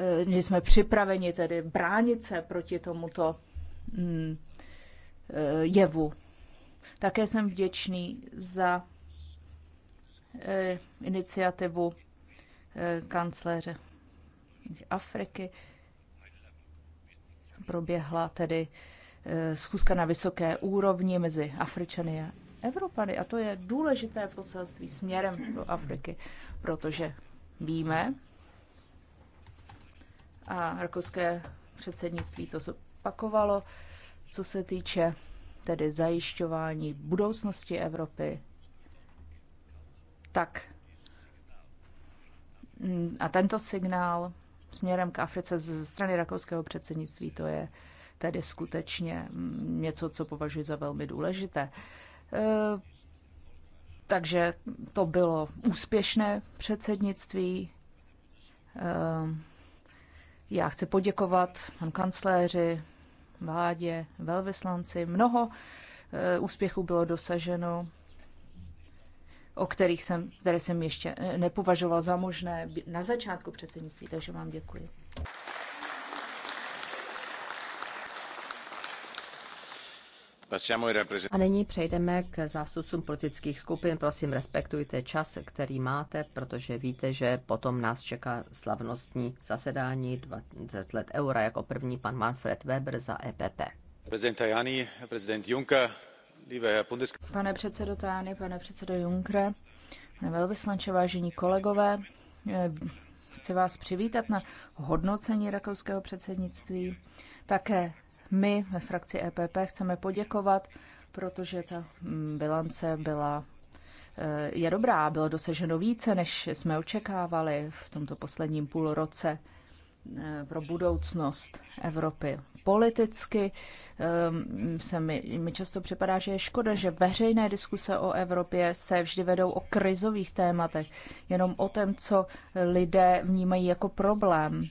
Eh, že jsme připraveni tedy bránit se proti tomuto mm, eh, jevu. Také jsem vděčný za eh, iniciativu kancléře Afriky. Proběhla tedy schůzka na vysoké úrovni mezi Afričany a Evropany. A to je důležité poselství směrem do Afriky, protože víme, a rakouské předsednictví to zopakovalo, co se týče tedy zajišťování budoucnosti Evropy, tak mm, a tento signál směrem k Africe ze strany rakouského předsednictví, to je tedy skutečně mm, něco, co považuji za velmi důležité. E, takže to bylo úspěšné předsednictví. E, já chci poděkovat panu kancléři, vládě, velvyslanci. Mnoho eh, úspěchů bylo dosaženo, o kterých jsem, které jsem ještě eh, nepovažoval za možné na začátku předsednictví, takže vám děkuji. A nyní přejdeme k zástupcům politických skupin. Prosím, respektujte čas, který máte, protože víte, že potom nás čeká slavnostní zasedání 20 let eura jako první pan Manfred Weber za EPP. Prezident Tajani, prezident Juncker, Pane předsedo Tajani, pane předsedo Juncker, pane velvyslanče, vážení kolegové, eh, chci vás přivítat na hodnocení rakouského předsednictví. Také my ve frakci EPP chceme poděkovat, protože ta mm, bilance byla eh, je dobrá, bylo dosaženo více, než jsme očekávali v tomto posledním půlroce eh, pro budoucnost Evropy. Politicky ehm, se mi, mi často připadá, že je škoda, že veřejné diskuse o Evropě se vždy vedou o krizových tématech, jenom o tom, co lidé vnímají jako problém.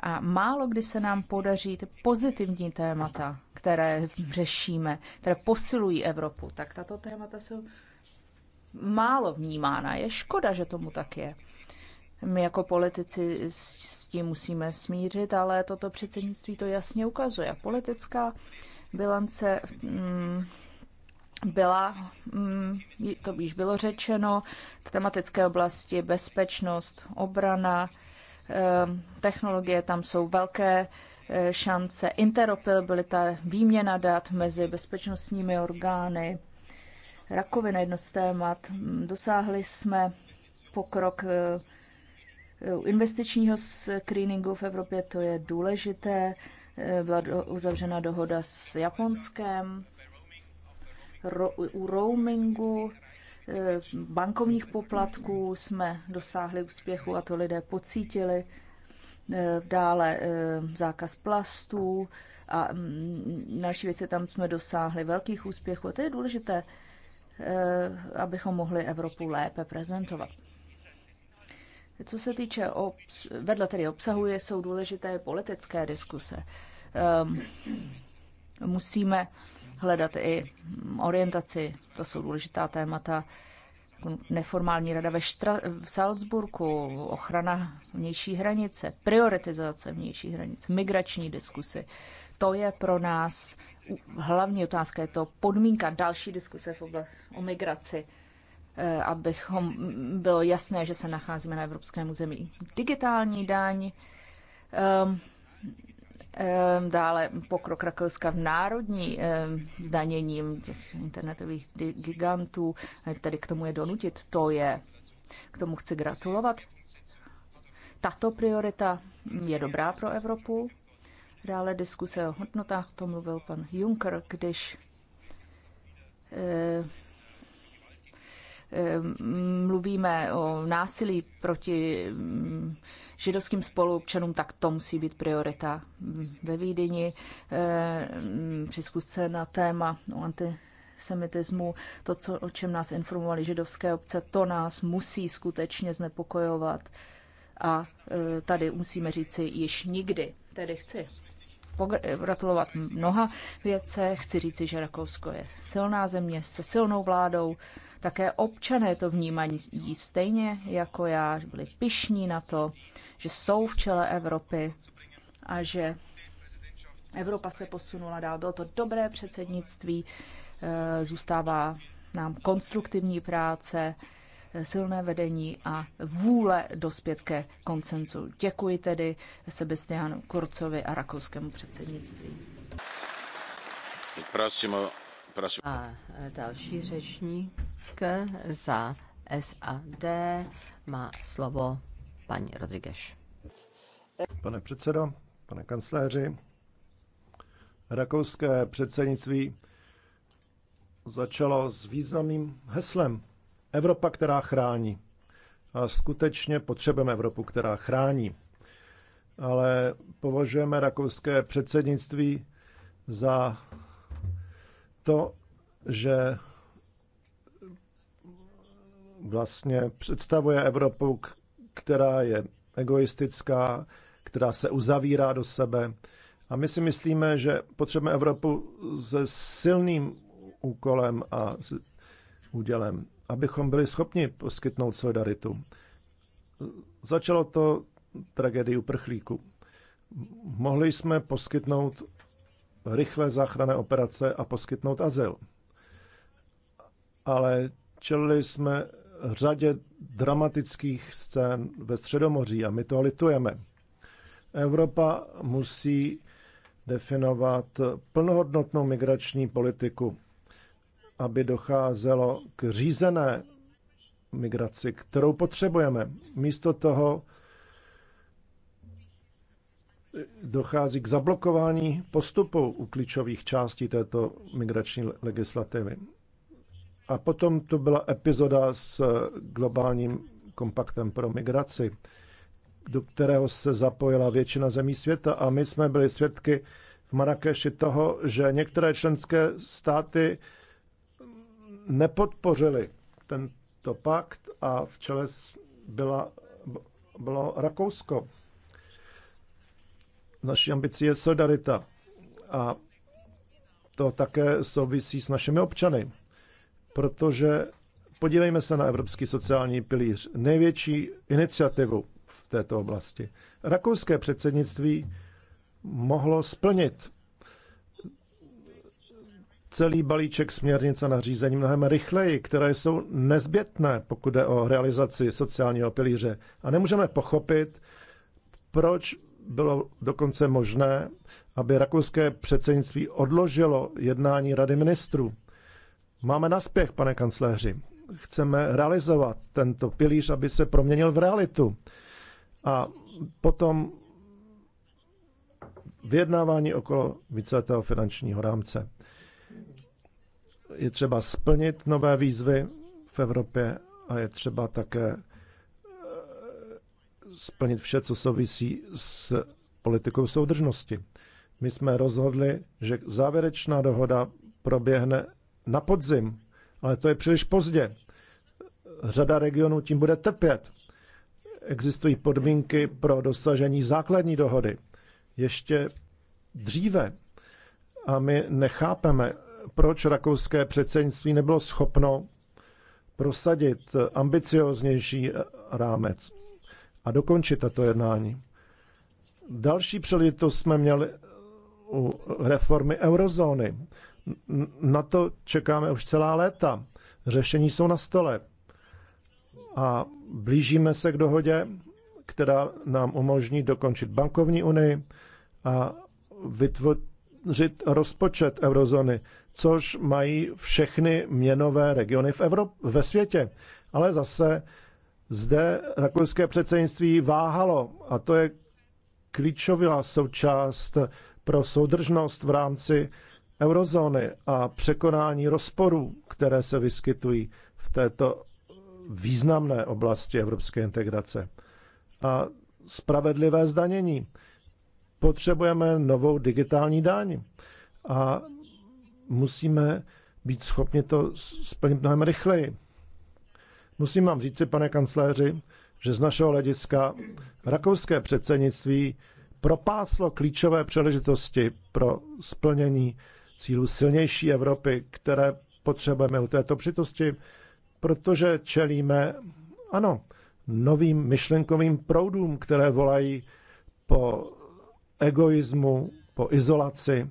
A málo kdy se nám podaří ty pozitivní témata, které řešíme, které posilují Evropu, tak tato témata jsou málo vnímána. Je škoda, že tomu tak je. My jako politici s tím musíme smířit, ale toto předsednictví to jasně ukazuje. Politická bilance mm, byla, mm, to již bylo řečeno, v tematické oblasti bezpečnost, obrana, Ehm, technologie, tam jsou velké eh, šance, interoperabilita, výměna dat mezi bezpečnostními orgány, rakovina jedno z témat. Hm, dosáhli jsme pokrok eh, investičního screeningu v Evropě, to je důležité. Eh, byla uzavřena dohoda s Japonskem. Ro- u roamingu Eh, bankovních poplatků jsme dosáhli úspěchu a to lidé pocítili. Eh, dále eh, zákaz plastů a mm, mm, další věci tam jsme dosáhli velkých úspěchů. A to je důležité, abychom mohli Evropu lépe prezentovat. Co se týče, obs- vedle tedy obsahu, jsou důležité politické diskuse. Um, musíme hledat i mm, orientaci. To jsou důležitá témata. Neformální rada ve Štra- v Salzburku, ochrana vnější hranice, prioritizace vnější hranice, migrační diskusy. To je pro nás hlavní otázka, je to podmínka další diskuse v oblasti o migraci eh, abychom mm, bylo jasné, že se nacházíme na evropském území. Digitální daň, ehm, Ehm, dále pokrok Rakouska v národní ehm, zdaněním těch internetových gigantů, tady k tomu je donutit, to je, k tomu chci gratulovat. Tato priorita je dobrá pro Evropu. Dále diskuse o hodnotách, to mluvil pan Juncker, když ehm, Ehm, mluvíme o násilí proti mm, židovským spoluobčanům, tak to musí být priorita ve Vídyni. Ehm, při zkusce na téma o antisemitismu, to, co, o čem nás informovali židovské obce, to nás musí skutečně znepokojovat. A eh, tady musíme říci již nikdy. Tedy chci gratulovat mnoha věce. Chci říci, že Rakousko je silná země se silnou vládou, také občané to vnímají stejně jako já, že byli pišní na to, že jsou v čele Evropy a že Evropa se posunula dál. Bylo to dobré předsednictví, eh, zůstává nám konstruktivní práce, eh, silné vedení a vůle dospět ke koncenzu. Děkuji tedy Sebastianu Kurcovi a rakouskému předsednictví. Prosím. A další řečník za SAD má slovo paní Rodriguez. Pane předsedo, pane kancléři, rakouské předsednictví začalo s významným heslem Evropa, která chrání. A skutečně potřebujeme Evropu, která chrání. Ale považujeme rakouské předsednictví za to, že vlastně představuje Evropu, která je egoistická, která se uzavírá do sebe. A my si myslíme, že potřebujeme Evropu se silným úkolem a s údělem, abychom byli schopni poskytnout solidaritu. Začalo to tragédii uprchlíku. Mohli jsme poskytnout rychlé záchranné operace a poskytnout azyl. Ale čelili jsme řadě dramatických scén ve Středomoří a my to litujeme. Evropa musí definovat plnohodnotnou migrační politiku, aby docházelo k řízené migraci, kterou potřebujeme. Místo toho dochází k zablokování postupu u klíčových částí této migrační legislativy. A potom tu byla epizoda s globálním kompaktem pro migraci, do kterého se zapojila většina zemí světa a my jsme byli svědky v Marrakeši toho, že některé členské státy nepodpořily tento pakt a v čele byla, bylo Rakousko. Naší ambicí je solidarita a to také souvisí s našimi občany, protože podívejme se na Evropský sociální pilíř, největší iniciativu v této oblasti. Rakouské předsednictví mohlo splnit celý balíček směrnic a nařízení mnohem rychleji, které jsou nezbytné, pokud jde o realizaci sociálního pilíře. A nemůžeme pochopit, proč bylo dokonce možné, aby rakouské předsednictví odložilo jednání Rady ministrů. Máme naspěch, pane kancléři. Chceme realizovat tento pilíř, aby se proměnil v realitu. A potom vyjednávání okolo víceletého finančního rámce. Je třeba splnit nové výzvy v Evropě a je třeba také splnit vše, co souvisí s politikou soudržnosti. My jsme rozhodli, že závěrečná dohoda proběhne na podzim, ale to je příliš pozdě. Řada regionů tím bude trpět. Existují podmínky pro dosažení základní dohody ještě dříve. A my nechápeme, proč rakouské předsednictví nebylo schopno prosadit ambicioznější rámec a dokončit tato jednání. Další příležitost jsme měli u reformy eurozóny. Na to čekáme už celá léta. Řešení jsou na stole. A blížíme se k dohodě, která nám umožní dokončit bankovní unii a vytvořit rozpočet eurozóny, což mají všechny měnové regiony v Evropě, ve světě. Ale zase zde rakouské předsednictví váhalo a to je klíčová součást pro soudržnost v rámci eurozóny a překonání rozporů, které se vyskytují v této významné oblasti evropské integrace. A spravedlivé zdanění. Potřebujeme novou digitální daň a musíme být schopni to splnit mnohem rychleji. Musím vám říct, pane kancléři, že z našeho hlediska rakouské předsednictví propáslo klíčové příležitosti pro splnění cílu silnější Evropy, které potřebujeme u této přitosti, protože čelíme, ano, novým myšlenkovým proudům, které volají po egoismu, po izolaci.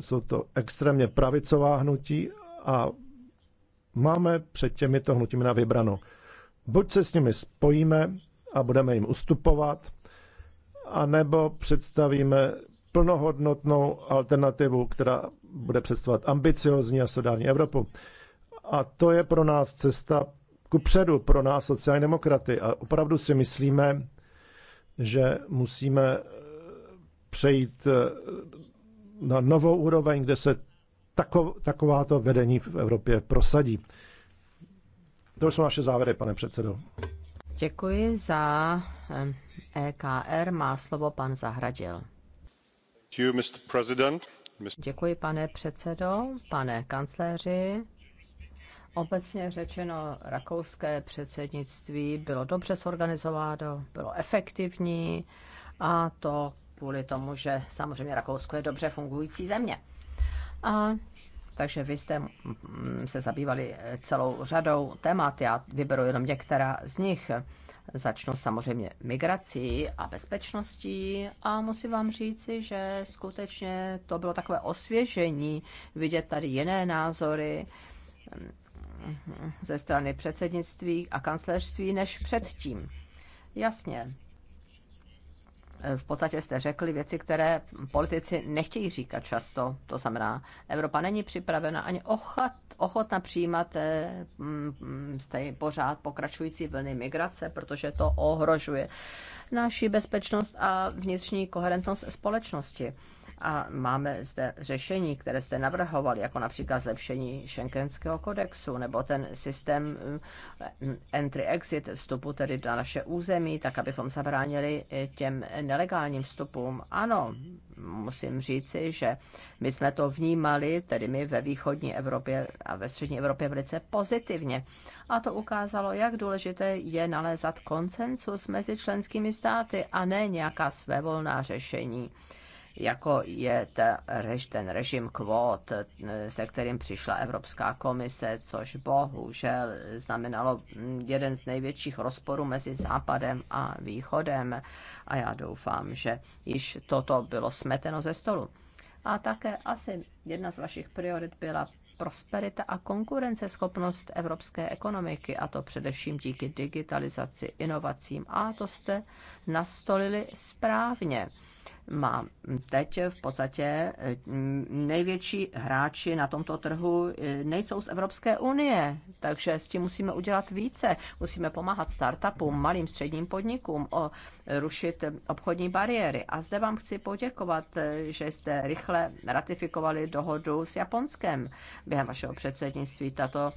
Jsou to extrémně pravicová hnutí a Máme před těmito hnutími na vybrano. Buď se s nimi spojíme a budeme jim ustupovat, anebo představíme plnohodnotnou alternativu, která bude představovat ambiciozní a solidární Evropu. A to je pro nás cesta ku předu, pro nás sociální demokraty. A opravdu si myslíme, že musíme přejít na novou úroveň, kde se tako, takováto vedení v Evropě prosadí. To jsou naše závěry, pane předsedo. Děkuji za EKR. E Má slovo pan Zahradil. Děkuji, pane předsedo, pane kancléři. Obecně řečeno, rakouské předsednictví bylo dobře zorganizováno, bylo efektivní a to kvůli tomu, že samozřejmě Rakousko je dobře fungující země. A takže vy jste se zabývali e, celou řadou témat, já vyberu jenom některá z nich. Začnu samozřejmě migrací a bezpečností a musím vám říci, že skutečně to bylo takové osvěžení vidět tady jiné názory ze strany předsednictví a kancelářství, než předtím. Jasně, v podstatě jste řekli věci, které politici nechtějí říkat často. To znamená, Evropa není připravena ani ochot, ochotna přijímat eh, mm, stej, pořád pokračující vlny migrace, protože to ohrožuje naši bezpečnost a vnitřní koherentnost společnosti. A máme zde řešení, které jste navrhovali, jako například zlepšení šenkenského kodexu nebo ten systém mm, entry-exit vstupu tedy na naše území, tak abychom zabránili eh, těm nelegálním vstupům. Ano, musím říci, že my jsme to vnímali, tedy my ve východní Evropě a ve střední Evropě velice pozitivně. A to ukázalo, jak důležité je nalézat konsensus mezi členskými státy a ne nějaká svévolná řešení jako je ten režim kvót, se kterým přišla Evropská komise, což bohužel znamenalo jeden z největších rozporů mezi Západem a Východem. A já doufám, že již toto bylo smeteno ze stolu. A také asi jedna z vašich priorit byla prosperita a konkurenceschopnost evropské ekonomiky, a to především díky digitalizaci, inovacím. A to jste nastolili správně má teď v podstatě eh, největší hráči na tomto trhu eh, nejsou z Evropské unie, takže s tím musíme udělat více. Musíme pomáhat startupům, malým středním podnikům, o, rušit obchodní bariéry. A zde vám chci poděkovat, eh, že jste rychle ratifikovali dohodu s Japonskem během vašeho předsednictví. Tato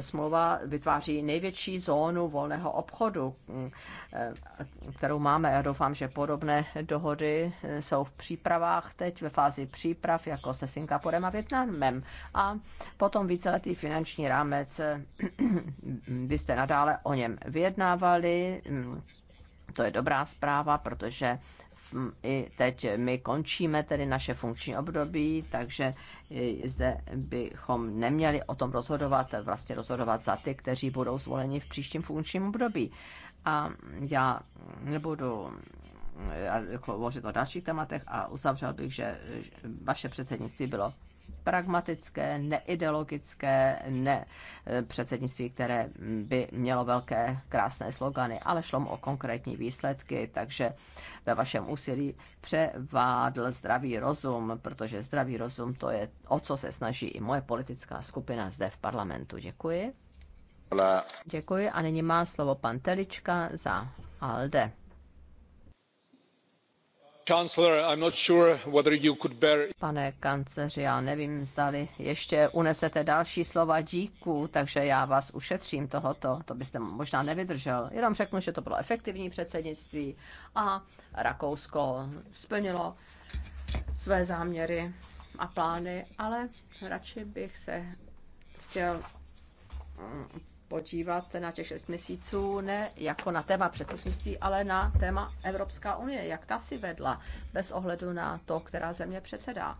smlouva vytváří největší zónu volného obchodu, kterou máme. Já doufám, že podobné dohody jsou v přípravách teď, ve fázi příprav, jako se Singapurem a Větnamem. A potom víceletý finanční rámec byste nadále o něm vyjednávali. To je dobrá zpráva, protože i teď my končíme tedy naše funkční období, takže zde bychom neměli o tom rozhodovat, vlastně rozhodovat za ty, kteří budou zvoleni v příštím funkčním období. A já nebudu jako hovořit o dalších tématech a uzavřel bych, že vaše předsednictví bylo pragmatické, neideologické, ne eh, předsednictví, které by mělo velké krásné slogany, ale šlo o konkrétní výsledky, takže ve vašem úsilí převádl zdravý rozum, protože zdravý rozum to je, o co se snaží i moje politická skupina zde v parlamentu. Děkuji. Děkuji a nyní má slovo pan Telička za ALDE. Pane kanceři, já nevím, zdali ještě unesete další slova díku, takže já vás ušetřím tohoto. To byste možná nevydržel. Jenom řeknu, že to bylo efektivní předsednictví a Rakousko splnilo své záměry a plány, ale radši bych se chtěl mm, podívat na těch šest měsíců ne jako na téma předsednictví, ale na téma Evropská unie, jak ta si vedla, bez ohledu na to, která země předsedá.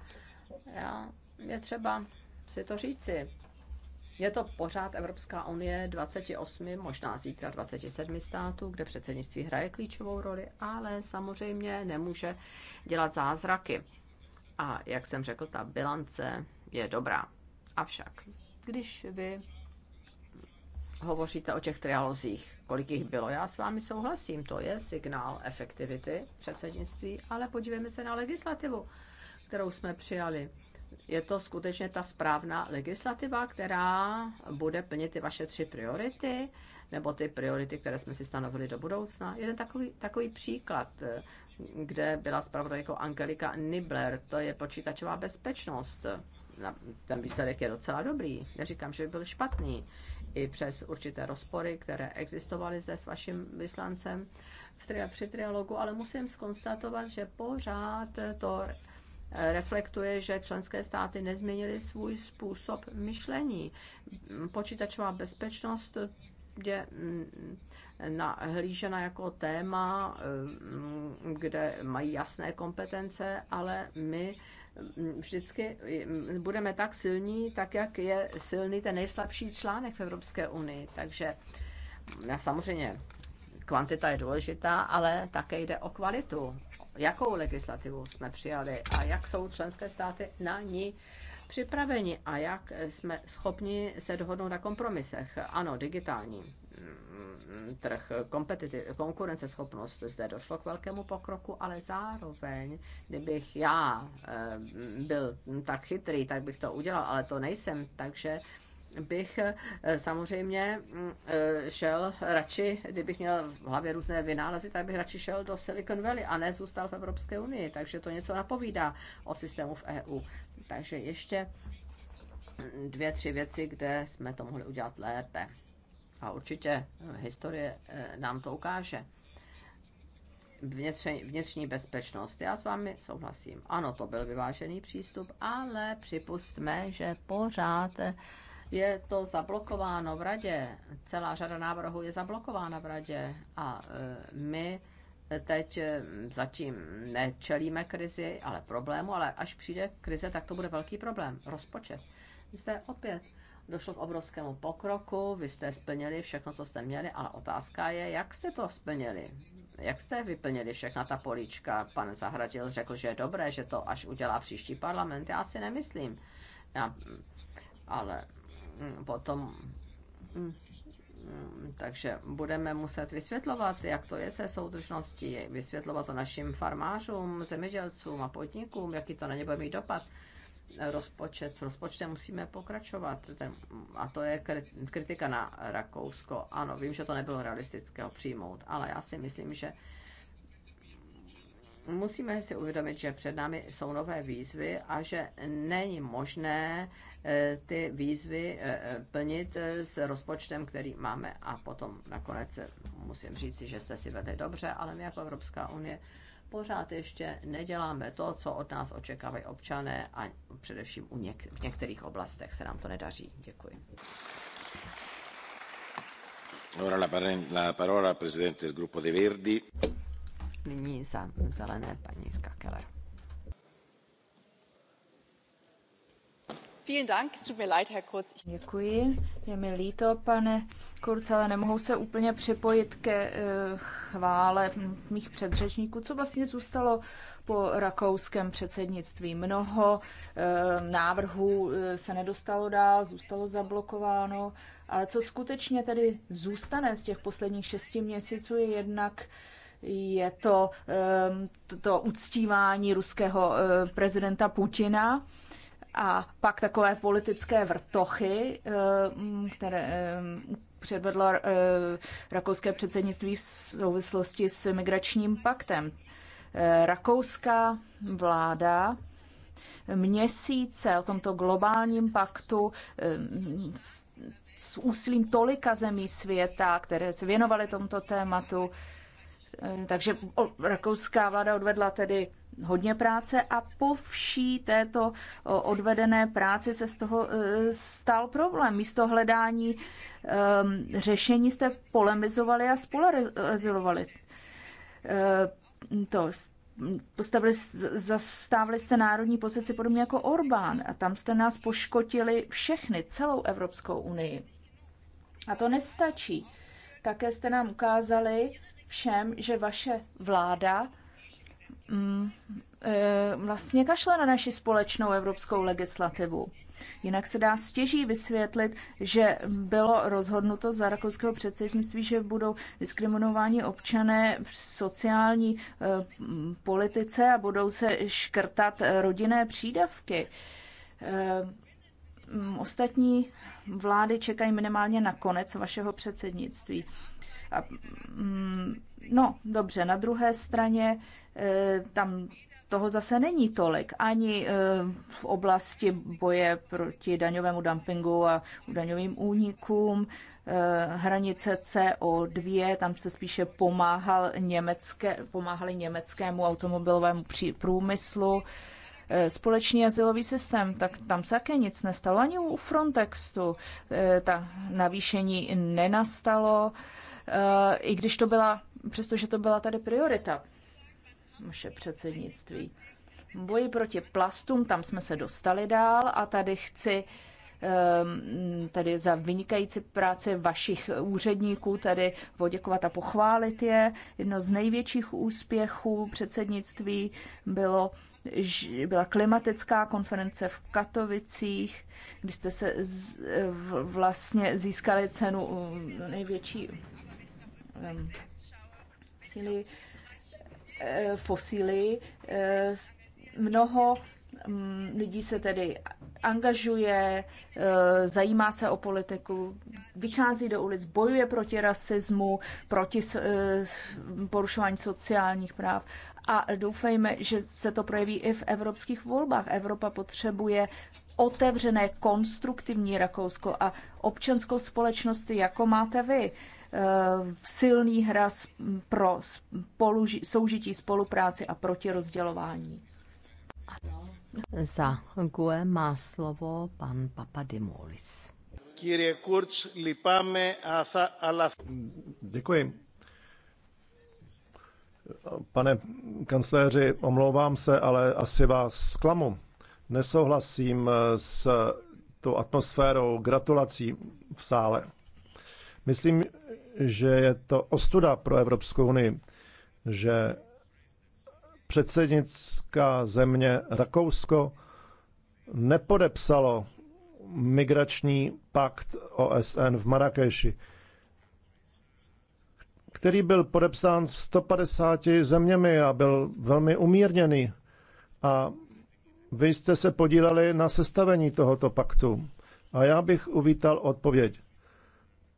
Já, je třeba si to říci. Je to pořád Evropská unie 28, možná zítra 27 států, kde předsednictví hraje klíčovou roli, ale samozřejmě nemůže dělat zázraky. A jak jsem řekl, ta bilance je dobrá. Avšak, když vy hovoříte o těch trialozích, kolik jich bylo. Já s vámi souhlasím, to je signál efektivity předsednictví, ale podívejme se na legislativu, kterou jsme přijali. Je to skutečně ta správná legislativa, která bude plnit ty vaše tři priority, nebo ty priority, které jsme si stanovili do budoucna. Jeden takový, takový příklad, kde byla jako Angelika Nibler, to je počítačová bezpečnost ten výsledek je docela dobrý. Neříkám, že by byl špatný i přes určité rozpory, které existovaly zde s vaším vyslancem v tri- při trialogu, ale musím skonstatovat, že pořád to reflektuje, že členské státy nezměnily svůj způsob myšlení. Počítačová bezpečnost je mm, nahlížena jako téma, mm, kde mají jasné kompetence, ale my Mm, vždycky mm, budeme tak silní, tak jak je silný ten nejslabší článek v Evropské unii. Takže mm, samozřejmě kvantita je důležitá, ale také jde o kvalitu. Jakou legislativu jsme přijali a jak jsou členské státy na ní připraveni a jak jsme schopni se dohodnout na kompromisech. Ano, digitální trh, konkurenceschopnost. Zde došlo k velkému pokroku, ale zároveň, kdybych já eh, byl tak chytrý, tak bych to udělal, ale to nejsem, takže bych eh, samozřejmě mm, eh, šel radši, kdybych měl v hlavě různé vynálezy, tak bych radši šel do Silicon Valley a ne zůstal v Evropské unii. Takže to něco napovídá o systému v EU. Takže ještě dvě, tři věci, kde jsme to mohli udělat lépe. A určitě eh, historie eh, nám to ukáže. Vnitřní, vnitřní bezpečnost. Já s vámi souhlasím. Ano, to byl vyvážený přístup, ale připustme, že pořád je to zablokováno v radě. Celá řada návrhů je zablokována v radě a eh, my teď zatím nečelíme krizi, ale problému, ale až přijde krize, tak to bude velký problém. Rozpočet. Zde opět došlo k obrovskému pokroku, vy jste splnili všechno, co jste měli, ale otázka je, jak jste to splnili? Jak jste vyplnili všechna ta políčka? Pan Zahradil řekl, že je dobré, že to až udělá příští parlament. Já si nemyslím. Já, ale mm, potom... Mm, mm, takže budeme muset vysvětlovat, jak to je se soudržností, vysvětlovat to našim farmářům, zemědělcům a podnikům, jaký to na ně bude mít dopad rozpočet, s rozpočtem musíme pokračovat. Ten, a to je kritika na Rakousko. Ano, vím, že to nebylo realistické přijmout, ale já si myslím, že musíme si uvědomit, že před námi jsou nové výzvy a že není možné eh, ty výzvy eh, eh, plnit s rozpočtem, který máme. A potom nakonec musím říct, že jste si vedli dobře, ale my jako Evropská unie pořád ještě neděláme to, co od nás očekávají občané a především u něk- v některých oblastech se nám to nedaří. Děkuji. Ora la, la parola al presidente del gruppo dei Verdi. Nyní za zelené paní Skakeler. Děkuji. Je mi líto, pane Kurz, ale nemohu se úplně připojit ke eh, chvále mých předřečníků, co vlastně zůstalo po rakouském předsednictví. Mnoho eh, návrhů eh, se nedostalo dál, zůstalo zablokováno, ale co skutečně tedy zůstane z těch posledních šesti měsíců je jednak je to to uctívání ruského prezidenta Putina a pak takové politické vrtochy, eh, které eh, předvedlo eh, rakouské předsednictví v souvislosti s migračním paktem. Rakouská vláda měsíce o tomto globálním paktu s úsilím tolika zemí světa, které se věnovaly tomuto tématu. Takže rakouská vláda odvedla tedy hodně práce a po vší této odvedené práci se z toho e, stal problém. Místo hledání e, řešení jste polemizovali a spolarizovali. E, to postavili, zastávali jste národní pozici podobně jako Orbán a tam jste nás poškotili všechny, celou Evropskou unii. A to nestačí. Také jste nám ukázali všem, že vaše vláda Mm, e, vlastně kašle na naši společnou evropskou legislativu. Jinak se dá stěží vysvětlit, že bylo rozhodnuto za rakouského předsednictví, že budou diskriminováni občané v sociální e, politice a budou se škrtat e, rodinné přídavky. Mm, ostatní vlády čekají minimálně na konec vašeho předsednictví. A, mm, no, dobře, na druhé straně Eh, tam toho zase není tolik, ani eh, v oblasti boje proti daňovému dumpingu a daňovým únikům. Eh, hranice CO2, tam se spíše pomáhal německé, pomáhali německému automobilovému průmyslu. Společný asilový systém, tak tam se také nic nestalo. Ani u Frontextu ta navýšení nenastalo, i když to byla, přestože to byla tady priorita naše předsednictví. boji proti plastům, tam jsme se dostali dál a tady chci ehm, tady za vynikající práci vašich úředníků tady poděkovat a pochválit je. Jedno z největších úspěchů předsednictví bylo byla klimatická konference v Katovicích, kdy jste se z, vlastně získali cenu ehm, největší um, síly. Eh, fosíly. Eh, mnoho mm, lidí se tedy angažuje, eh, zajímá se o politiku, vychází do ulic, bojuje proti rasismu, proti porušování sociálních práv. A doufejme, že se to projeví i v evropských volbách. Evropa potřebuje otevřené, konstruktivní Rakousko a občanskou společnost, jako máte vy. Eh, silný hraz pro spoluži- soužití, spolupráci a proti rozdělování. Za GUE má slovo pan Papadimoulis. Kyrie Kurz, lipáme, ale... Děkuji. Pane kancléři, omlouvám se, ale asi vás zklamu. Nesouhlasím s tou atmosférou gratulací v sále. Myslím, že je to ostuda pro Evropskou unii, že předsednická země Rakousko nepodepsalo migrační pakt OSN v Marrakeši, který byl podepsán 150 zeměmi a byl velmi umírněný. A vy jste se podíleli na sestavení tohoto paktu. A já bych uvítal odpověď.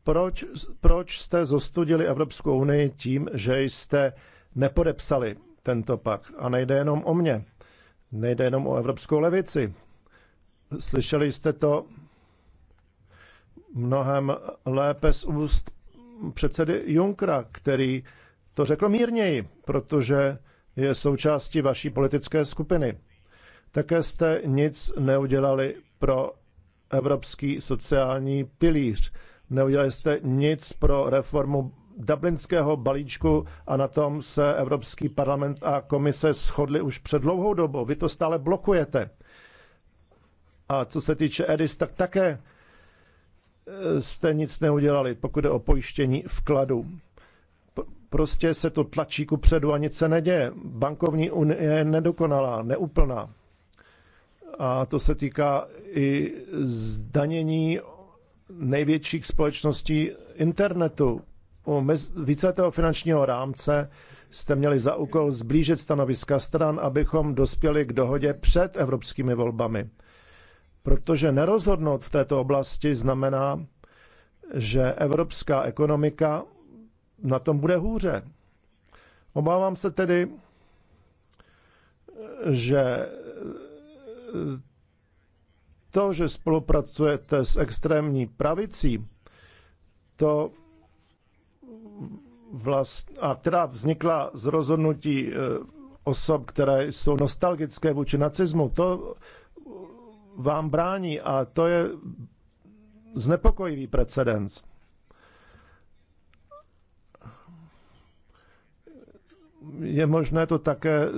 Proč, proč jste zostudili Evropskou unii tím, že jste nepodepsali tento pak? A nejde jenom o mě, nejde jenom o evropskou levici. Slyšeli jste to mnohem lépe z úst předsedy Junkra, který to řekl mírněji, protože je součástí vaší politické skupiny. Také jste nic neudělali pro evropský sociální pilíř Neudělali jste nic pro reformu dublinského balíčku a na tom se Evropský parlament a komise shodli už před dlouhou dobou. Vy to stále blokujete. A co se týče EDIS, tak také eh, jste nic neudělali, pokud je o pojištění vkladu. Prostě se to tlačí ku předu a nic se neděje. Bankovní unie je nedokonalá, neúplná. A to se týká i zdanění největších společností internetu. U víceletého finančního rámce jste měli za úkol zblížit stanoviska stran, abychom dospěli k dohodě před evropskými volbami. Protože nerozhodnout v této oblasti znamená, že evropská ekonomika na tom bude hůře. Obávám se tedy, že to, že spolupracujete s extrémní pravicí, to vlast, a která vznikla z rozhodnutí eh, osob, které jsou nostalgické vůči nacismu, to vám brání a to je znepokojivý precedens. Je možné to také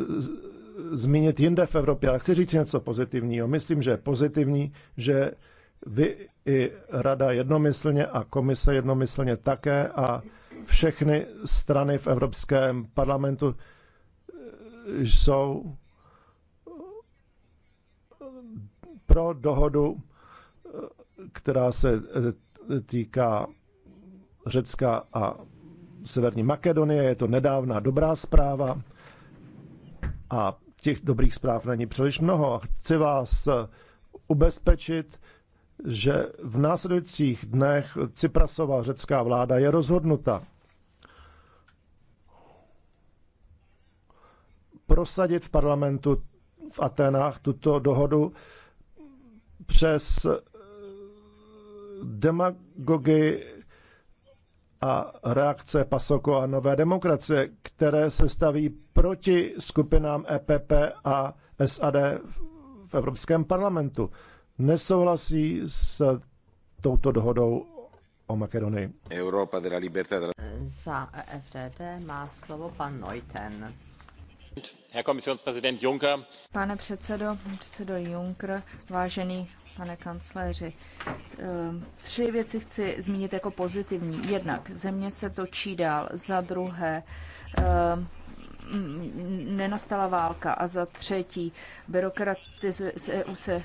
zmínit jinde v Evropě, ale chci říct něco pozitivního. Myslím, že je pozitivní, že vy i rada jednomyslně a komise jednomyslně také a všechny strany v Evropském parlamentu eh, jsou pro dohodu, eh, která se eh, týká Řecka a Severní Makedonie. Je to nedávná dobrá zpráva a těch dobrých zpráv není příliš mnoho a chci vás eh, ubezpečit, že v následujících dnech Cyprasová řecká vláda je rozhodnuta prosadit v parlamentu v Atenách tuto dohodu přes eh, demagogy a reakce Pasoko a Nové demokracie, které se staví proti skupinám EPP a SAD v Evropském parlamentu. Nesouhlasí s touto dohodou o Makedonii. Europa de la libertad. Za EFDD má slovo pan Neuten. Pane předsedo, předsedo Juncker, vážený pane kancléři. Ehm, tři věci chci zmínit jako pozitivní. Jednak země se točí dál, za druhé ehm, nenastala válka a za třetí byrokratizuje, e se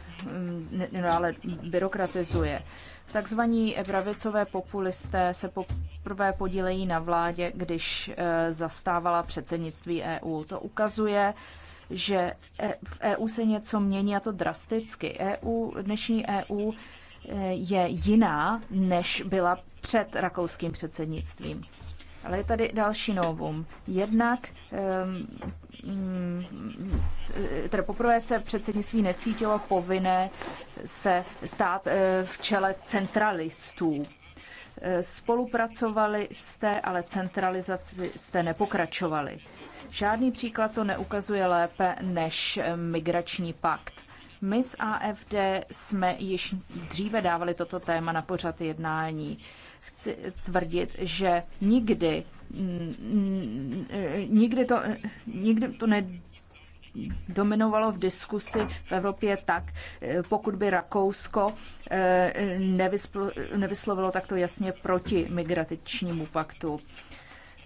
ale mm, byrokratizuje. Takzvaní pravicové populisté se poprvé podílejí na vládě, když eh, zastávala předsednictví EU. To ukazuje, že e- v EU se něco mění a to drasticky. EU, dnešní EU e, je jiná, než byla před rakouským předsednictvím. Ale je tady další novum. Jednak ehm, mm, e, teda poprvé se předsednictví necítilo povinné se stát v čele centralistů. Spolupracovali jste, ale centralizaci jste nepokračovali. Žádný příklad to neukazuje lépe než migrační pakt. My z AFD jsme již dříve dávali toto téma na pořad jednání. Chci tvrdit, že nikdy, mm, nikdy to, nikdy to ne, dominovalo v diskusi v Evropě tak, pokud by Rakousko eh, nevyslovilo takto jasně proti migračnímu paktu.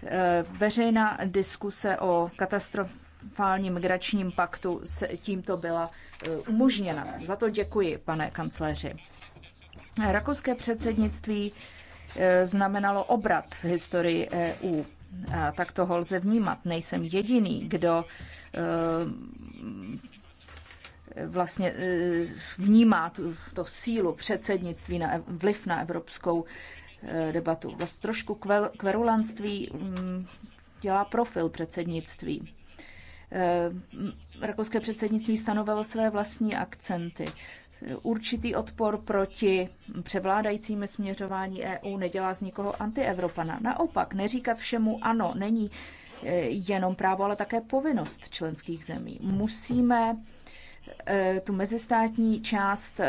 Eh, veřejná diskuse o katastrofálním migračním paktu s tímto byla eh, umožněna. Za to děkuji, pane kancléři. Rakouské předsednictví eh, znamenalo obrat v historii EU. A tak toho lze vnímat. Nejsem jediný, kdo vlastně vnímá tu, to sílu předsednictví na vliv na Evropskou Eh, debatu. Vlastně trošku kverulanství mm, dělá profil předsednictví. Eh, rakouské předsednictví stanovilo své vlastní akcenty. Určitý odpor proti převládajícími směřování EU nedělá z nikoho antievropana. Naopak, neříkat všemu ano není eh, jenom právo, ale také povinnost členských zemí. Musíme tu mezistátní část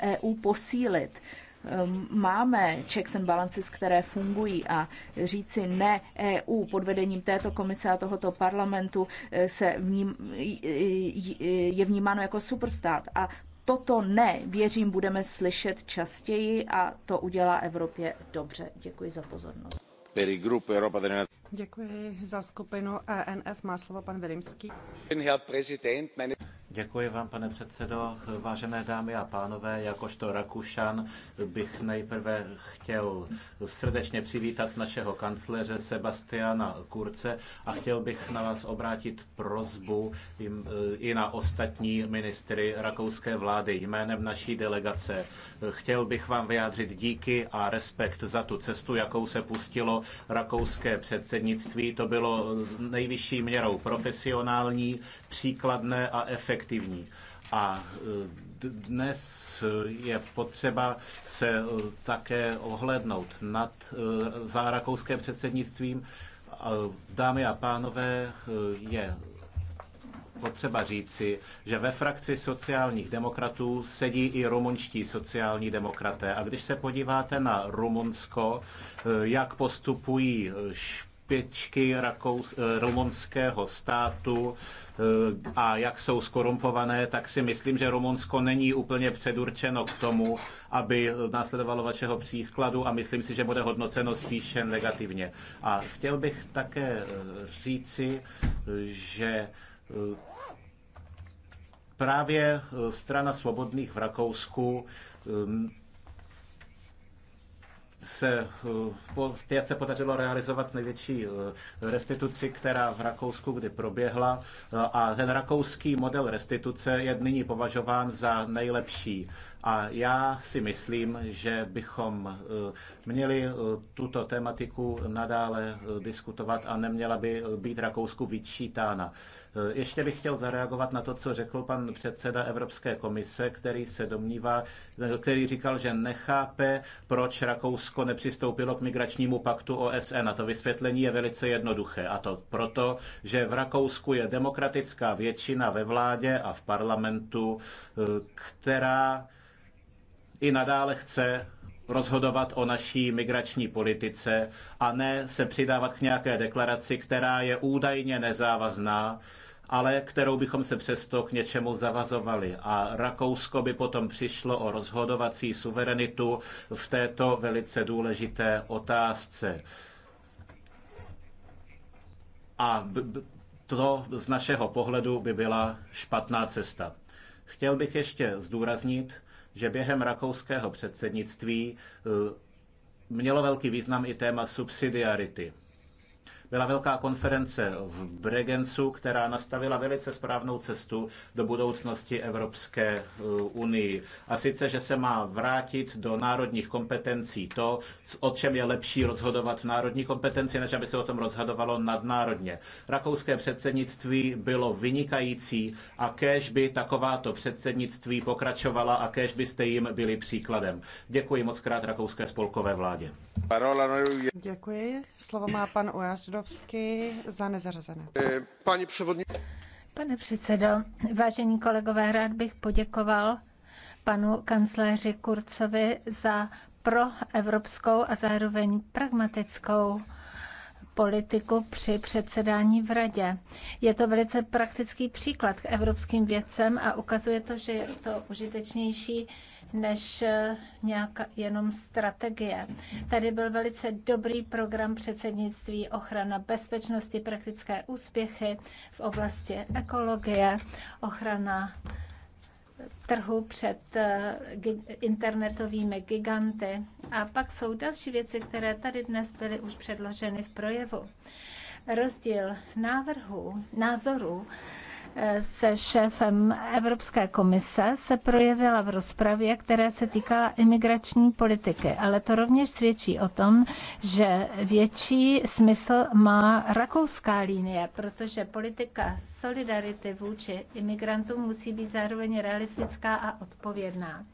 EU e posílit. Ehm, máme checks and balances, které fungují a říci ne EU pod vedením této komise a tohoto parlamentu eh, se vním, je vnímáno jako superstát a toto ne, věřím, budeme slyšet častěji a to udělá Evropě dobře. Děkuji za pozornost. Děkuji za skupinu ENF. Má slovo pan Vilimský. Děkuji vám, pane předsedo. Vážené dámy a pánové, jakožto Rakušan bych nejprve chtěl srdečně přivítat našeho kancléře Sebastiana Kurce a chtěl bych na vás obrátit prozbu eh, i na ostatní ministry rakouské vlády jménem naší delegace. Chtěl bych vám vyjádřit díky a respekt za tu cestu, jakou se pustilo rakouské předsednictví. To bylo nejvyšší měrou profesionální, příkladné a efektivní efektivní. A e, dnes je potřeba se e, také ohlednout nad, e, za rakouské předsednictvím. Dámy a pánové, je potřeba říci, že ve frakci sociálních demokratů sedí i rumunští sociální demokraté. A když se podíváte na Rumunsko, jak postupují pěčky Rakous, eh, rumunského státu eh, a jak jsou skorumpované, tak si myslím, že Rumunsko není úplně předurčeno k tomu, aby následovalo vašeho příkladu a myslím si, že bude hodnoceno spíše negativně. A chtěl bych také eh, říci, že právě strana svobodných v Rakousku se, eh, jak se podařilo realizovat největší eh, restituci, která v Rakousku kdy proběhla. Eh, a ten rakouský model restituce je nyní považován za nejlepší. A já si myslím, že bychom eh, měli eh, tuto tematiku nadále eh, diskutovat a neměla by být Rakousku vyčítána. Ještě bych chtěl zareagovat na to, co řekl pan předseda Evropské komise, který se domnívá, který říkal, že nechápe, proč Rakousko nepřistoupilo k migračnímu paktu OSN. A to vysvětlení je velice jednoduché. A to proto, že v Rakousku je demokratická většina ve vládě a v parlamentu, která i nadále chce rozhodovat o naší migrační politice a ne se přidávat k nějaké deklaraci, která je údajně nezávazná, ale kterou bychom se přesto k něčemu zavazovali. A Rakousko by potom přišlo o rozhodovací suverenitu v této velice důležité otázce. A to z našeho pohledu by byla špatná cesta. Chtěl bych ještě zdůraznit, že během rakouského předsednictví eh, mělo velký význam i téma subsidiarity. Byla velká konference v Bregencu, která nastavila velice správnou cestu do budoucnosti Evropské uh, unii. A sice, že se má vrátit do národních kompetencí to, o čem je lepší rozhodovat národní kompetenci, než aby se o tom rozhodovalo nadnárodně. Rakouské předsednictví bylo vynikající a kež by takováto předsednictví pokračovala a kež byste jim byli příkladem. Děkuji moc krát rakouské spolkové vládě. Děkuji. Slovo má pan Ojařdo. Zdechovský za nezařazené. Eh, pani převodní... Pane předsedo, vážení kolegové, rád bych poděkoval panu kancléři Kurcovi za proevropskou a zároveň pragmatickou politiku při předsedání v radě. Je to velice praktický příklad k evropským věcem a ukazuje to, že je to užitečnější než eh, nějaká jenom strategie. Tady byl velice dobrý program předsednictví, ochrana bezpečnosti, praktické úspěchy v oblasti ekologie, ochrana trhu před eh, internetovými giganty. A pak jsou další věci, které tady dnes byly už předloženy v projevu. Rozdíl návrhu, názoru se šéfem Evropské komise se projevila v rozpravě, která se týkala imigrační politiky. Ale to rovněž svědčí o tom, že větší smysl má rakouská linie, protože politika solidarity vůči imigrantům musí být zároveň realistická a odpovědná.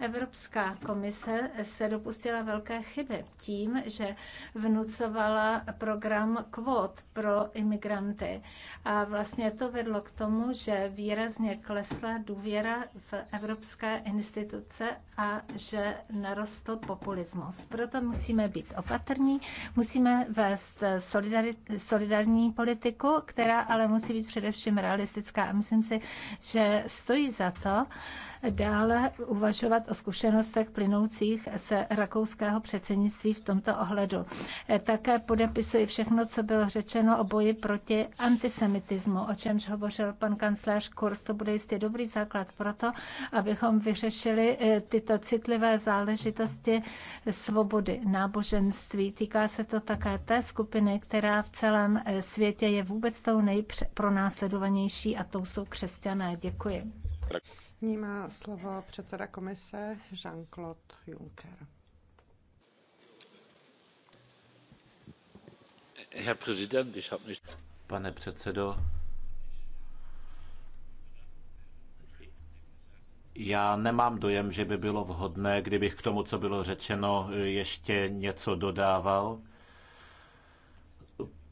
Evropská komise se dopustila velké chyby tím, že vnucovala program kvót pro imigranty. A vlastně to vedlo k tomu, že výrazně klesla důvěra v evropské instituce a že narostl populismus. Proto musíme být opatrní, musíme vést solidární politiku, která ale musí být především realistická. A myslím si, že stojí za to, dále uvažovat o zkušenostech plynoucích se rakouského předsednictví v tomto ohledu. Také podepisuji všechno, co bylo řečeno o boji proti antisemitismu, o čemž hovořil pan kancléř Kurz. To bude jistě dobrý základ pro to, abychom vyřešili eh, tyto citlivé záležitosti svobody náboženství. Týká se to také té skupiny, která v celém eh, světě je vůbec tou nejpronásledovanější a tou jsou křesťané. Děkuji. Nyní má slovo předseda komise Jean-Claude Juncker. Pane předsedo, Já nemám dojem, že by bylo vhodné, kdybych k tomu, co bylo řečeno, ještě něco dodával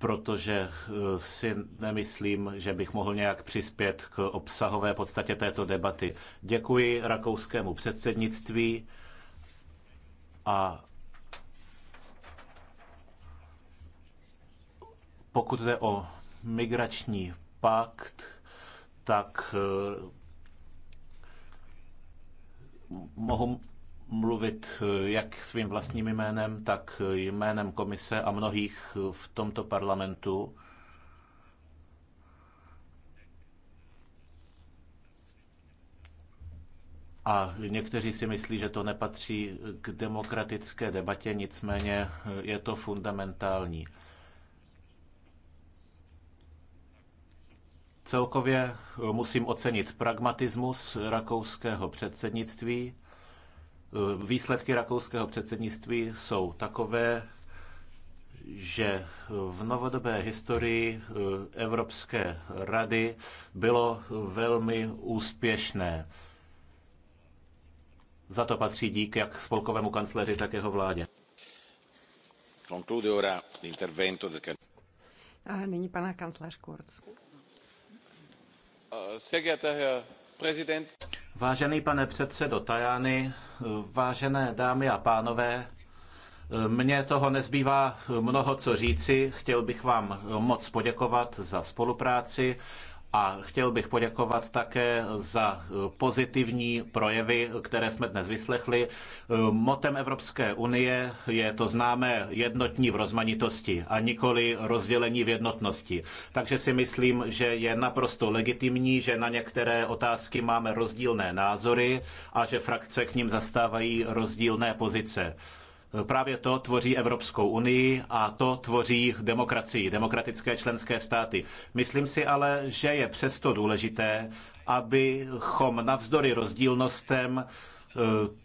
protože eh, si nemyslím, že bych mohl nějak přispět k obsahové podstatě této debaty. Děkuji rakouskému předsednictví a pokud jde o migrační pakt, tak eh, mohu mluvit eh, jak svým vlastním jménem, tak jménem komise a mnohých v tomto parlamentu. A někteří si myslí, že to nepatří k demokratické debatě, nicméně eh, je to fundamentální. Celkově eh, musím ocenit pragmatismus rakouského předsednictví Eh, výsledky rakouského předsednictví jsou takové, že eh, v novodobé historii eh, Evropské rady bylo velmi úspěšné. Za to patří dík jak spolkovému kancléři, tak jeho vládě. A nyní pana kancléř Kurz. Sehr geehrter Herr Vážený pane předsedo Tajany, vážené dámy a pánové, mně toho nezbývá mnoho co říci. Chtěl bych vám moc poděkovat za spolupráci a chtěl bych poděkovat také za pozitivní projevy, které jsme dnes vyslechli. Motem Evropské unie je to známé jednotní v rozmanitosti a nikoli rozdělení v jednotnosti. Takže si myslím, že je naprosto legitimní, že na některé otázky máme rozdílné názory a že frakce k ním zastávají rozdílné pozice. Právě to tvoří Evropskou unii a to tvoří demokracii, demokratické členské státy. Myslím si ale, že je přesto důležité, abychom navzdory rozdílnostem eh,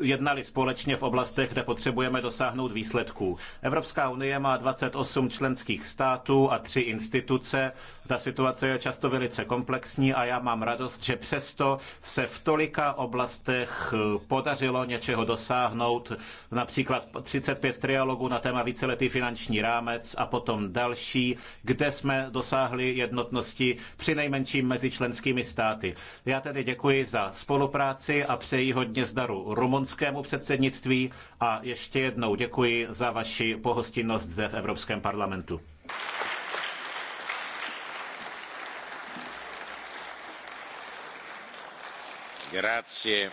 jednali společně v oblastech, kde potřebujeme dosáhnout výsledků. Evropská unie má 28 členských států a tři instituce. Ta situace je často velice komplexní a já mám radost, že přesto se v tolika oblastech podařilo něčeho dosáhnout, například 35 trialogů na téma víceletý finanční rámec a potom další, kde jsme dosáhli jednotnosti při nejmenším mezi členskými státy. Já tedy děkuji za spolupráci a přeji hodně zdaru Rumunsku rumunskému předsednictví a ještě jednou děkuji za vaši pohostinnost zde v Evropském parlamentu. Grazie.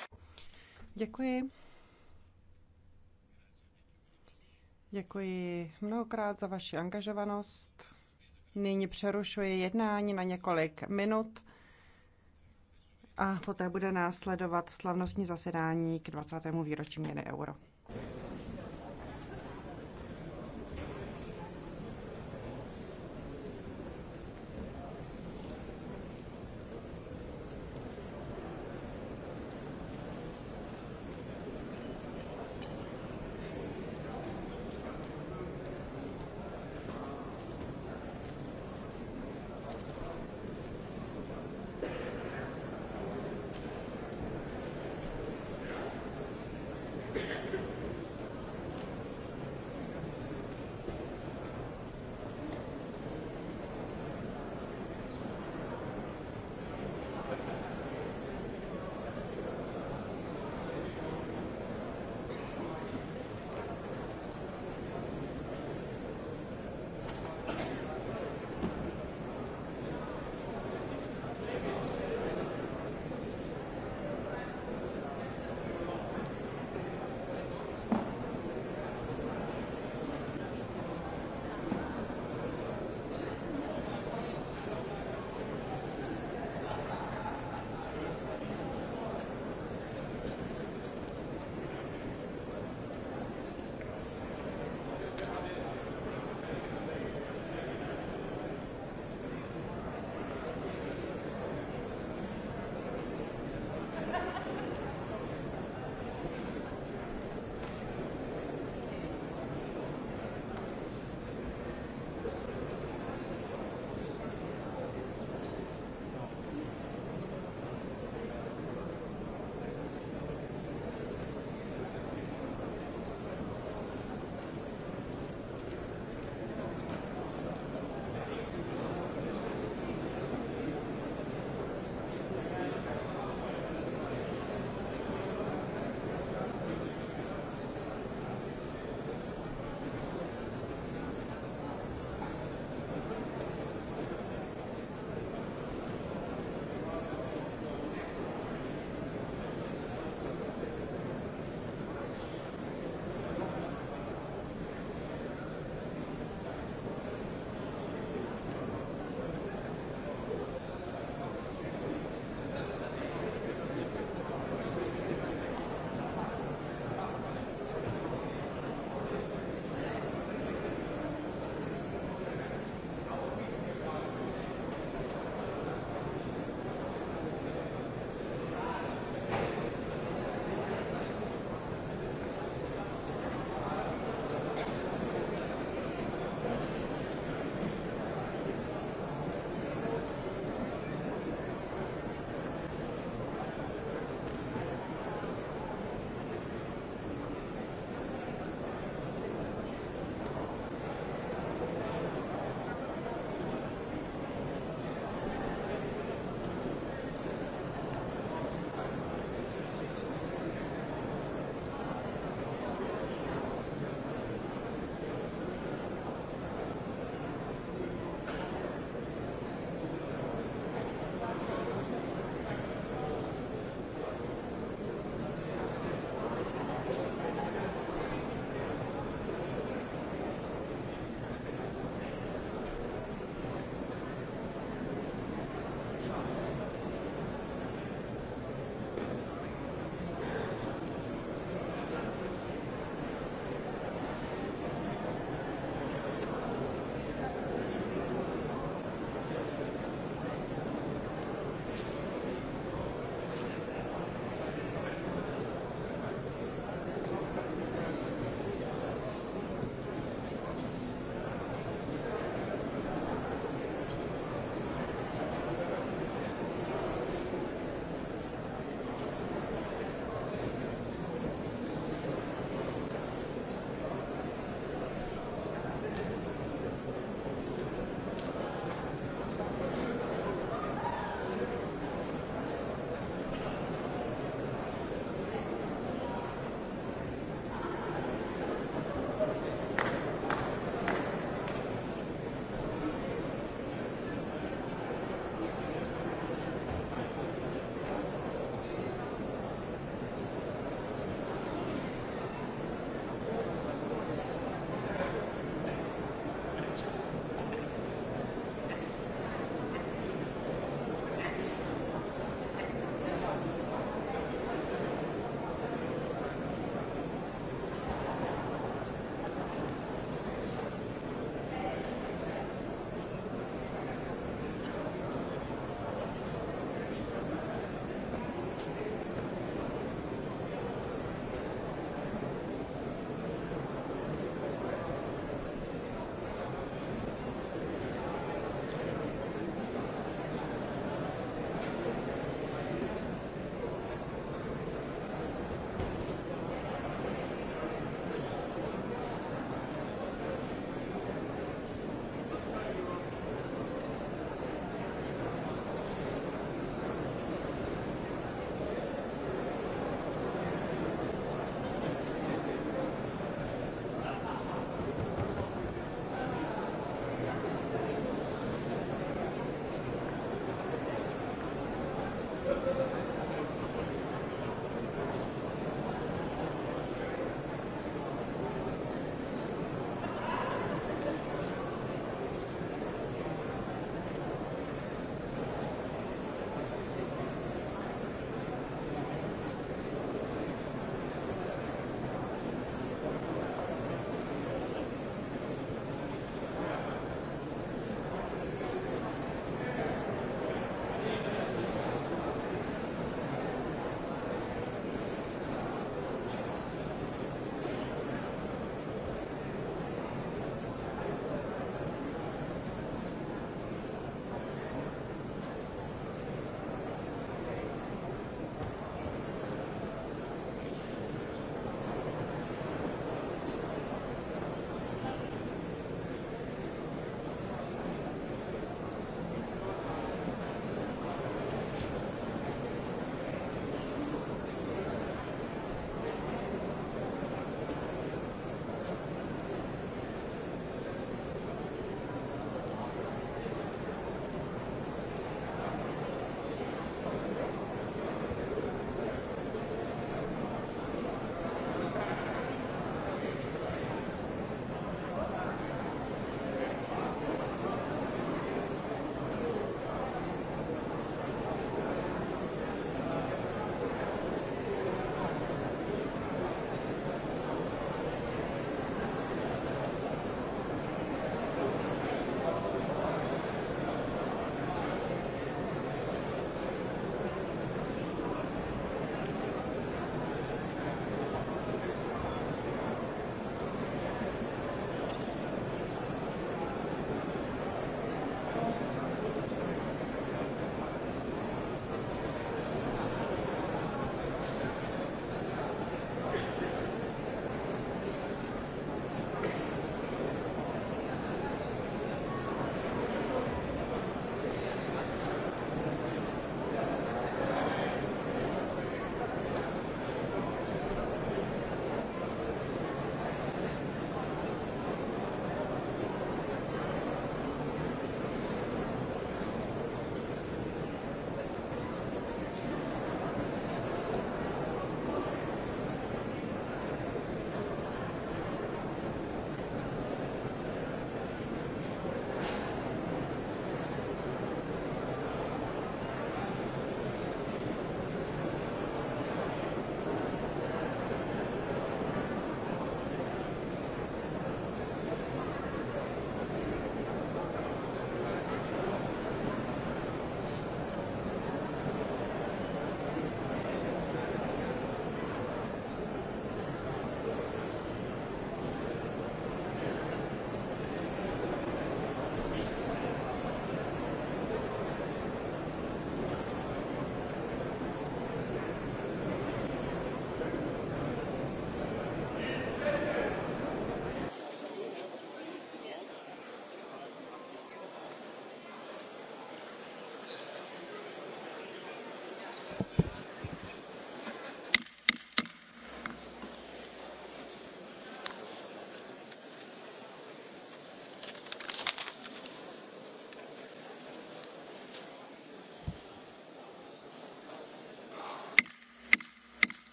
Děkuji. Děkuji mnohokrát za vaši angažovanost. Nyní přerušuji jednání na několik minut a poté bude následovat slavnostní zasedání k 20. výročí měny euro.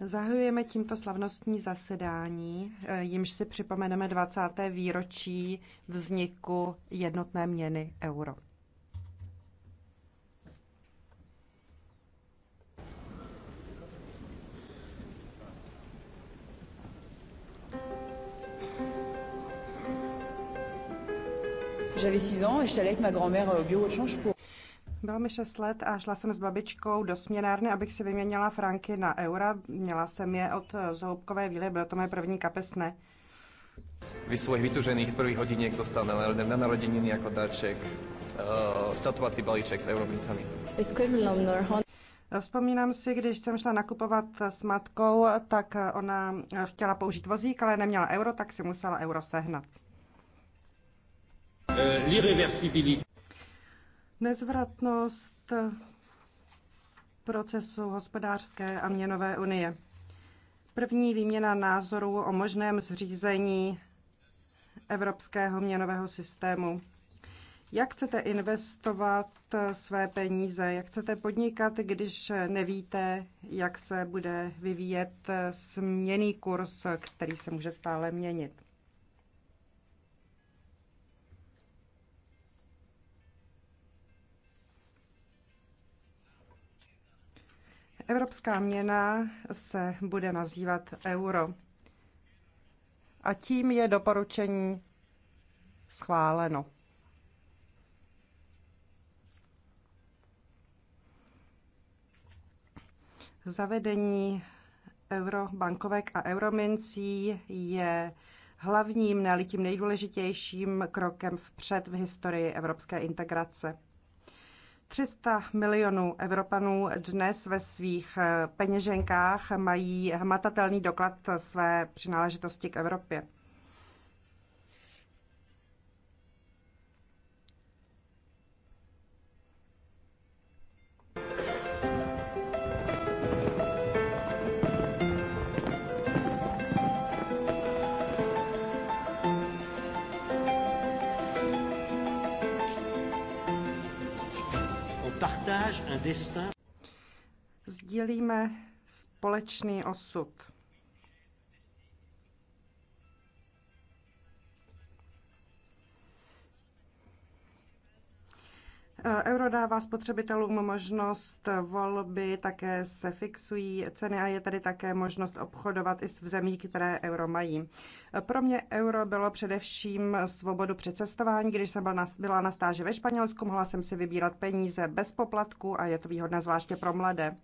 Zahajujeme tímto slavnostní zasedání, eh, jimž si připomeneme 20. výročí vzniku jednotné měny euro. J'avais 6 ans et j'étais allée avec ma grand-mère euh, au bureau de change pour bylo mi 6 let a šla jsem s babičkou do směnárny, abych si vyměnila franky na eura. Měla jsem je od zoubkové víly, bylo to moje první kapesné. Vy svojich vytužených prvých hodiněk dostal na, na narodeniny jako dáček uh, eh, statovací balíček s euromincami. Vzpomínám si, když jsem šla nakupovat s matkou, tak ona chtěla použít vozík, ale neměla euro, tak si musela euro sehnat. Uh, nezvratnost procesu hospodářské a měnové unie. První výměna názorů o možném zřízení evropského měnového systému. Jak chcete investovat své peníze? Jak chcete podnikat, když nevíte, jak se bude vyvíjet směný kurz, který se může stále měnit? Evropská měna se bude nazývat euro. A tím je doporučení schváleno. Zavedení eurobankovek a euromincí je hlavním, ne tím nejdůležitějším krokem vpřed v historii evropské integrace. 300 milionů Evropanů dnes ve svých eh, peněženkách mají hmatatelný doklad své přináležitosti k Evropě. sdílíme společný osud. Euro dává spotřebitelům možnost volby, také se fixují ceny a je tady také možnost obchodovat i v zemí, které euro mají. Pro mě euro bylo především svobodu při cestování. Když jsem byla na stáži ve Španělsku, mohla jsem si vybírat peníze bez poplatku a je to výhodné zvláště pro mladé.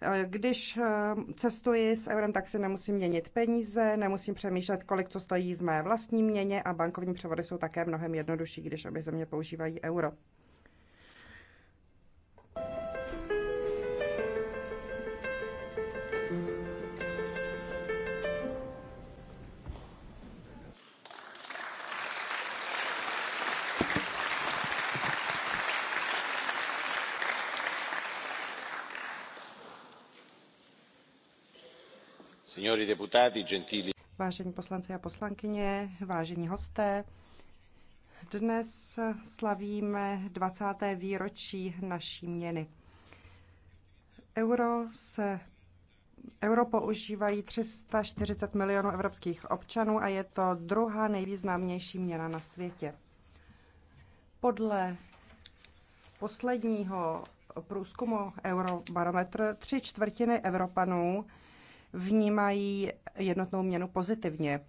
Eh, když eh, cestuji s eurem, tak si nemusím měnit peníze, nemusím přemýšlet, kolik co stojí v mé vlastní měně a bankovní převody jsou také mnohem jednodušší, když obě země používají euro. Vážení poslanci a poslankyně, vážení hosté, dnes slavíme 20. výročí naší měny. Euro se Euro používají 340 milionů evropských občanů a je to druhá nejvýznamnější měna na světě. Podle posledního průzkumu Eurobarometr tři čtvrtiny Evropanů vnímají jednotnou měnu pozitivně.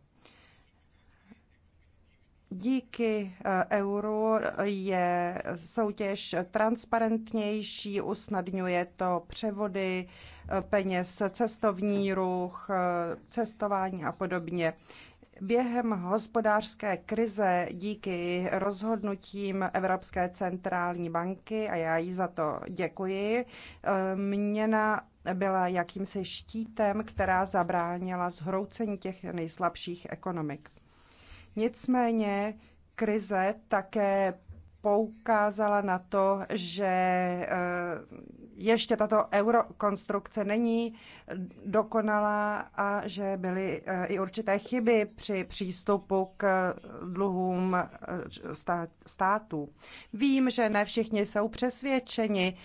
Díky eh, euru je soutěž transparentnější, usnadňuje to převody eh, peněz, cestovní ruch, eh, cestování a podobně. Během hospodářské krize díky rozhodnutím Evropské centrální banky, a já jí za to děkuji, měna byla jakýmsi štítem, která zabránila zhroucení těch nejslabších ekonomik. Nicméně krize také poukázala na to, že eh, ještě tato eurokonstrukce není dokonalá a že byly eh, i určité chyby při přístupu k dluhům eh, států. Vím, že ne všichni jsou přesvědčeni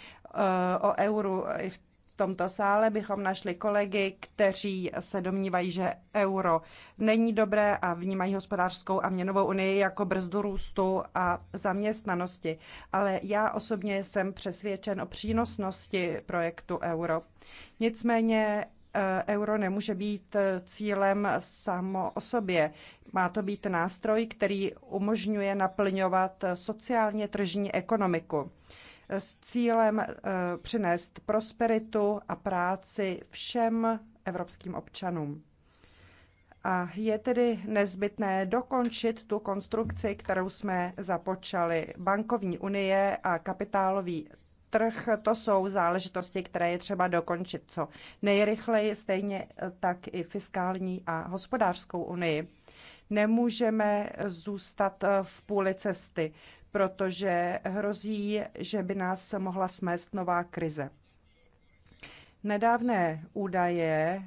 o euru i v tomto sále bychom našli kolegy, kteří se domnívají, že euro není dobré a vnímají hospodářskou a měnovou unii jako brzdu růstu a zaměstnanosti. Ale já osobně jsem přesvědčen o přínosnosti projektu euro. Nicméně eh, euro nemůže být eh, cílem samo o sobě. Má to být nástroj, který umožňuje naplňovat eh, sociálně tržní ekonomiku s cílem eh, přinést prosperitu a práci všem evropským občanům. A je tedy nezbytné dokončit tu konstrukci, kterou jsme započali. Bankovní unie a kapitálový trh, to jsou záležitosti, které je třeba dokončit co nejrychleji, stejně tak i fiskální a hospodářskou unii. Nemůžeme zůstat v půli cesty protože hrozí, že by nás mohla smést nová krize. Nedávné údaje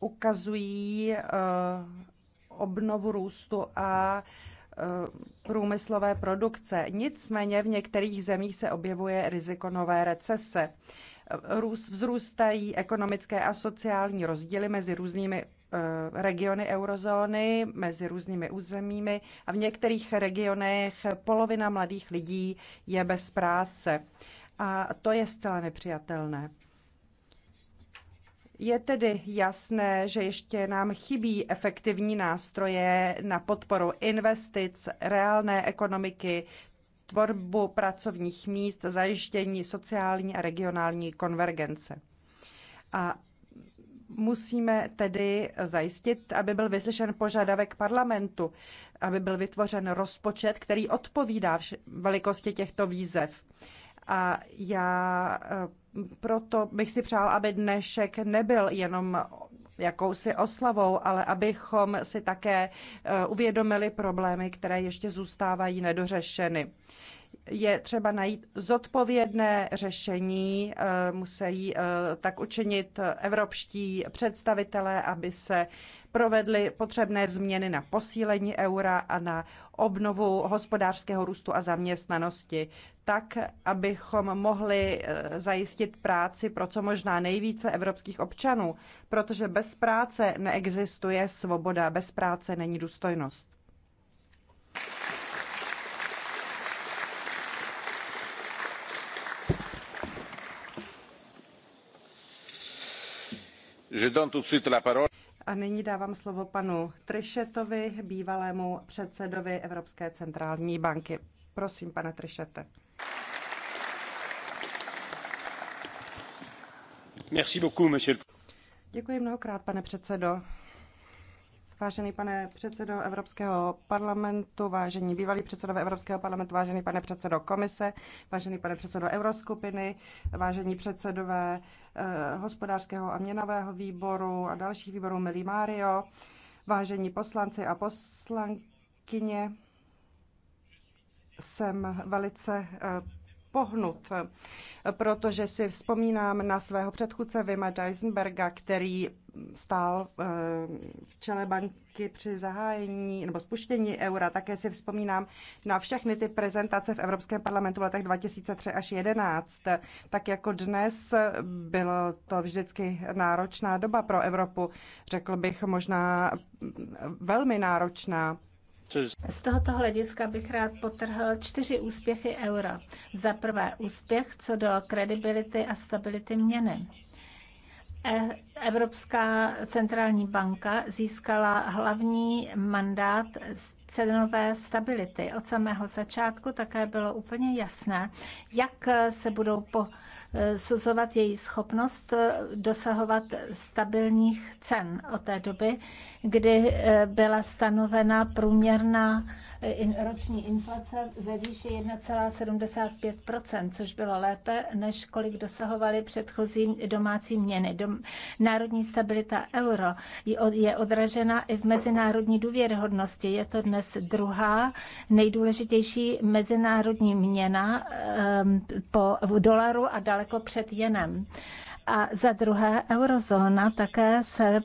ukazují eh, obnovu růstu a eh, průmyslové produkce. Nicméně v některých zemích se objevuje riziko nové recese. Vzrůstají ekonomické a sociální rozdíly mezi různými Eh, regiony eurozóny, mezi různými územími a v některých regionech polovina mladých lidí je bez práce. A to je zcela nepřijatelné. Je tedy jasné, že ještě nám chybí efektivní nástroje na podporu investic, reálné ekonomiky, tvorbu pracovních míst, zajištění sociální a regionální konvergence. A Musíme tedy zajistit, aby byl vyslyšen požadavek parlamentu, aby byl vytvořen rozpočet, který odpovídá velikosti těchto výzev. A já eh, proto bych si přál, aby dnešek nebyl jenom jakousi oslavou, ale abychom si také eh, uvědomili problémy, které ještě zůstávají nedořešeny je třeba najít zodpovědné řešení, eh, musí eh, tak učinit evropští představitelé, aby se provedly potřebné změny na posílení eura a na obnovu hospodářského růstu a zaměstnanosti, tak, abychom mohli eh, zajistit práci pro co možná nejvíce evropských občanů, protože bez práce neexistuje svoboda, bez práce není důstojnost. A nyní dávám slovo panu Trišetovi, bývalému předsedovi Evropské centrální banky. Prosím, pane Trišete. Děkuji mnohokrát, pane předsedo. Vážený pane předsedo Evropského parlamentu, vážení bývalí předsedové Evropského parlamentu, vážený pane předsedo komise, vážený pane předsedo Euroskupiny, vážení předsedové eh, hospodářského a měnového výboru a dalších výborů, milý Mário, vážení poslanci a poslankyně, jsem velice eh, pohnut, protože si vzpomínám na svého předchůdce Vima Deisenberga, který stál eh, v čele banky při zahájení nebo spuštění eura. Také si vzpomínám na všechny ty prezentace v Evropském parlamentu v letech 2003 až 2011. Tak jako dnes bylo to vždycky náročná doba pro Evropu. Řekl bych možná velmi náročná. Z tohoto hlediska bych rád potrhl čtyři úspěchy eura. Za prvé úspěch co do kredibility a stability měny. E- Evropská centrální banka získala hlavní mandát cenové stability. Od samého začátku také bylo úplně jasné, jak se budou po suzovat její schopnost eh, dosahovat stabilních cen od té doby, kdy eh, byla stanovena průměrná roční inflace ve výši 1,75%, což bylo lépe, než kolik dosahovaly předchozí domácí měny. Dom- národní stabilita euro je odražena i v mezinárodní důvěryhodnosti. Je to dnes druhá nejdůležitější mezinárodní měna ehm, po dolaru a daleko před jenem. A za druhé, eurozóna také se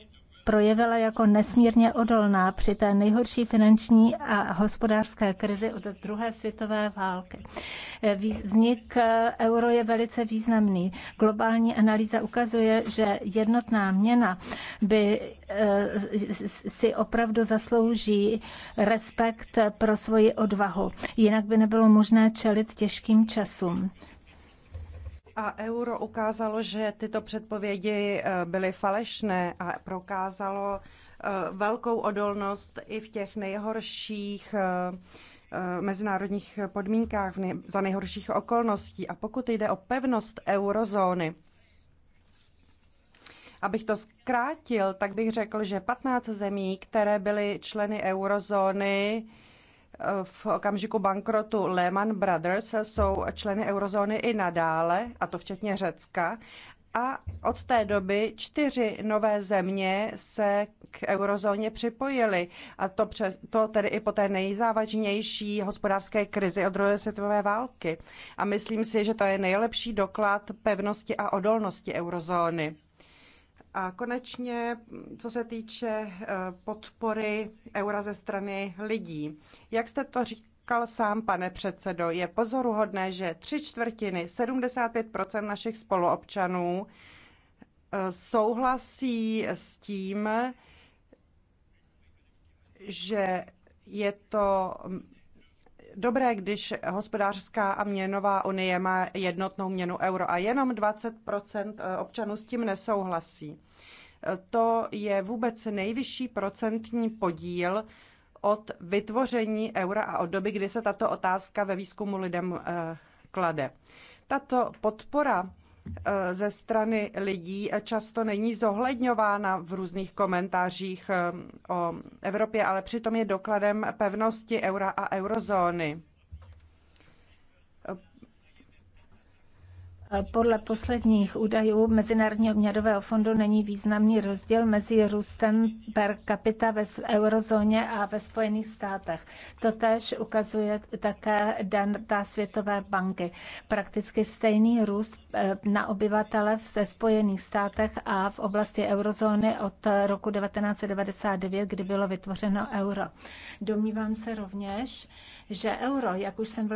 projevila jako nesmírně odolná při té nejhorší finanční a hospodářské krizi od druhé světové války. Vznik eh, euro je velice významný. Globální analýza ukazuje, že jednotná měna by eh, si opravdu zaslouží respekt pro svoji odvahu. Jinak by nebylo možné čelit těžkým časům. A euro ukázalo, že tyto předpovědi eh, byly falešné a prokázalo eh, velkou odolnost i v těch nejhorších eh, mezinárodních podmínkách, za nejhorších okolností. A pokud jde o pevnost eurozóny, Abych to zkrátil, tak bych řekl, že 15 zemí, které byly členy eurozóny, v okamžiku bankrotu Lehman Brothers jsou členy eurozóny i nadále, a to včetně Řecka. A od té doby čtyři nové země se k eurozóně připojily. A to, přes, to tedy i po té nejzávažnější hospodářské krizi od druhé světové války. A myslím si, že to je nejlepší doklad pevnosti a odolnosti eurozóny. A konečně, co se týče eh, podpory eura ze strany lidí, jak jste to říkal sám, pane předsedo, je pozoruhodné, že tři čtvrtiny, 75 našich spoluobčanů eh, souhlasí s tím, že je to dobré, když hospodářská a měnová unie má jednotnou měnu euro a jenom 20 eh, občanů s tím nesouhlasí. To je vůbec nejvyšší procentní podíl od vytvoření eura a od doby, kdy se tato otázka ve výzkumu lidem eh, klade. Tato podpora Eh, ze strany lidí často není zohledňována v různých komentářích eh, o Evropě, ale přitom je dokladem pevnosti eura a eurozóny. Podle posledních údajů Mezinárodního měnového fondu není významný rozdíl mezi růstem per capita ve eurozóně a ve Spojených státech. Totež ukazuje také data Světové banky. Prakticky stejný růst eh, na obyvatele ve Spojených státech a v oblasti eurozóny od roku 1999, kdy bylo vytvořeno euro. Domnívám se rovněž, že euro, jak už jsem vlastně